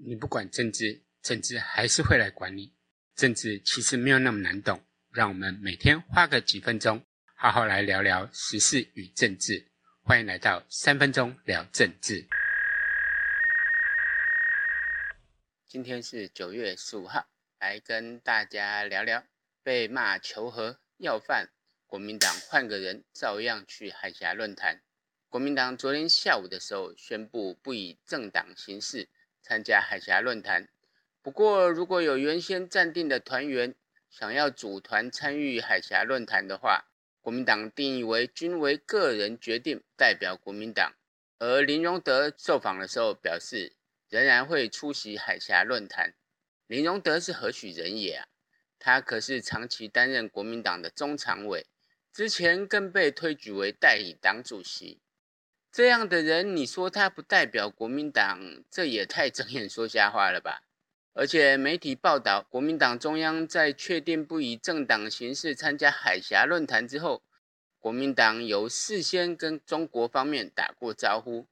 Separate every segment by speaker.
Speaker 1: 你不管政治，政治還是會來管你。政治其實沒有那麼難懂，讓我們每天花個幾分鐘，好好來聊聊時事與政治。歡迎來到三分鐘聊政治。今天是九月十五號，來跟大家聊聊被罵求和要飯，國民黨換個人照樣去海峽論壇。國民黨昨天下午的時候宣佈不以政黨形式。參加海峽論壇，不過如果有原先暫定的團員想要組團參與海峽論壇的話，國民黨定義為均為個人決定，代表國民黨。而林榮德受訪的時候表示，仍然會出席海峽論壇。林榮德是何許人也啊？他可是長期擔任國民黨的中常委，之前更被推舉為代理黨主席。這樣的人，你說他不代表國民黨，這也太睜眼說瞎話了吧？而且媒體報道，國民黨中央在確定不以政黨形式參加海峽論壇之後，國民黨有事先跟中國方面打過招呼，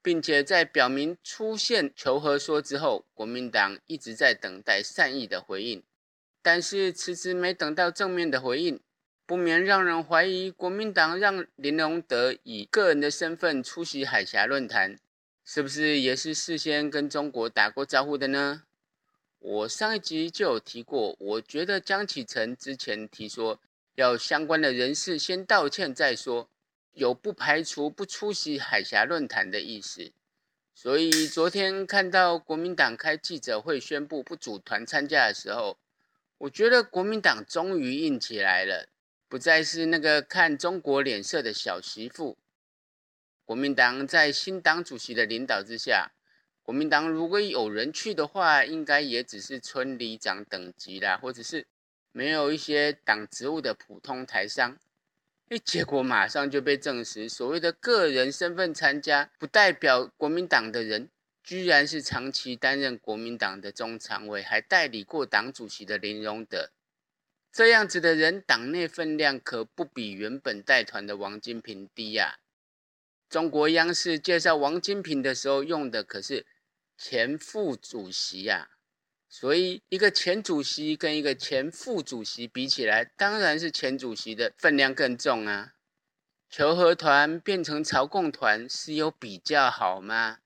Speaker 1: 並且在表明出現求和說之後，國民黨一直在等待善意的回應，但是遲遲沒等到正面的回應。不免讓人懷疑，國民黨讓林榮德以個人的身份出席海峽論壇，是不是也是事先跟中國打過招呼的呢？我上一集就有提過，我覺得江啟臣之前提說要相關的人士先道歉再說，有不排除不出席海峽論壇的意思。所以昨天看到國民黨開記者會宣布不組團參加的時候，我覺得國民黨終於硬起來了。不再是那個看中國臉色的小媳婦。國民黨在新黨主席的領導之下，國民黨如果有人去的話，應該也只是村里長等級啦，或者是沒有一些黨職務的普通台商。哎，結果馬上就被證實，所謂的個人身份參加不代表國民黨的人，居然是長期擔任國民黨的中常委，還代理過黨主席的林榮德。這樣子的人，黨內分量可不比原本帶團的王金平低啊。中國央視介紹王金平的時候用的可是前副主席啊，所以一個前主席跟一個前副主席比起來，當然是前主席的分量更重啊。求和團變成朝貢團是有比較好嗎？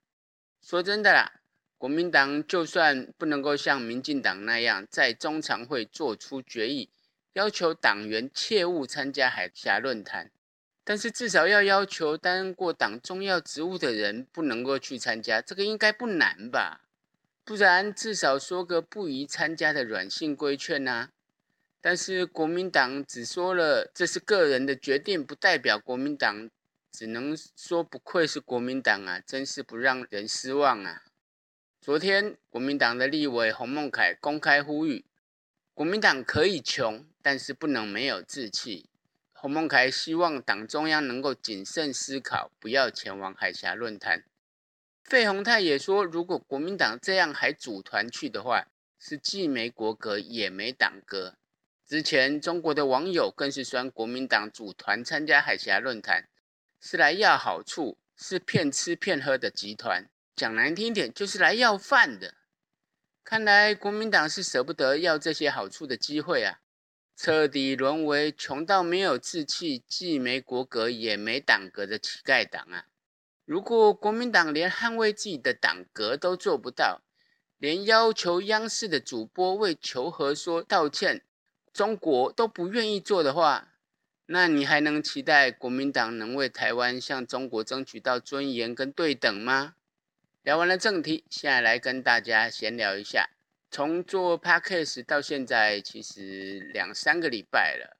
Speaker 1: 說真的啦，國民黨就算不能夠像民進黨那樣在中常會做出決議。要求黨員切勿參加海峽論壇，但是至少要要求擔任過黨重要職務的人不能夠去參加，這個應該不難吧？不然至少說個不宜參加的軟性規勸吶。但是國民黨只說了這是個人的決定，不代表國民黨。只能說不愧是國民黨啊，真是不讓人失望啊！昨天，國民黨的立委洪孟楷公開呼籲。國民黨可以窮，但是不能沒有志氣。洪孟楷希望黨中央能夠謹慎思考，不要前往海峽論壇。費鴻泰也說，如果國民黨這樣還組團去的話，是既沒國格也沒黨格。之前中國的網友更是酸，國民黨組團參加海峽論壇，是來要好處，是騙吃騙喝的集團。講難聽點，就是來要飯的。看來國民黨是捨不得要這些好處的機會啊，徹底淪為窮到沒有志氣、既沒國格也沒黨格的乞丐黨啊！如果國民黨連捍衛自己的黨格都做不到，連要求央視的主播為求和說道歉，中國都不願意做的話，那你還能期待國民黨能為台灣向中國爭取到尊嚴跟對等嗎？聊完了正題，現在來跟大家閒聊一下。從做 Podcast 到現在，其實兩三個禮拜了，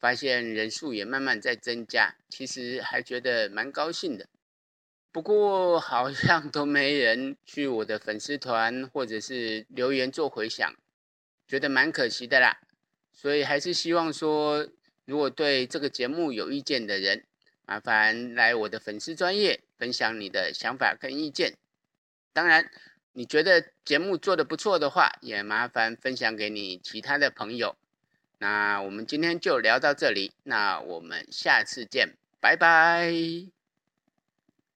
Speaker 1: 發現人數也慢慢在增加，其實還覺得蠻高興的。不過好像都沒人去我的粉絲團或者是留言做回響，覺得蠻可惜的啦。所以還是希望說，如果對這個節目有意見的人，麻煩來我的粉絲專頁分享你的想法跟意見。當然，你覺得節目做得不錯的話，也麻煩分享給你其他的朋友。那我們今天就聊到這裡，那我們下次見，拜拜。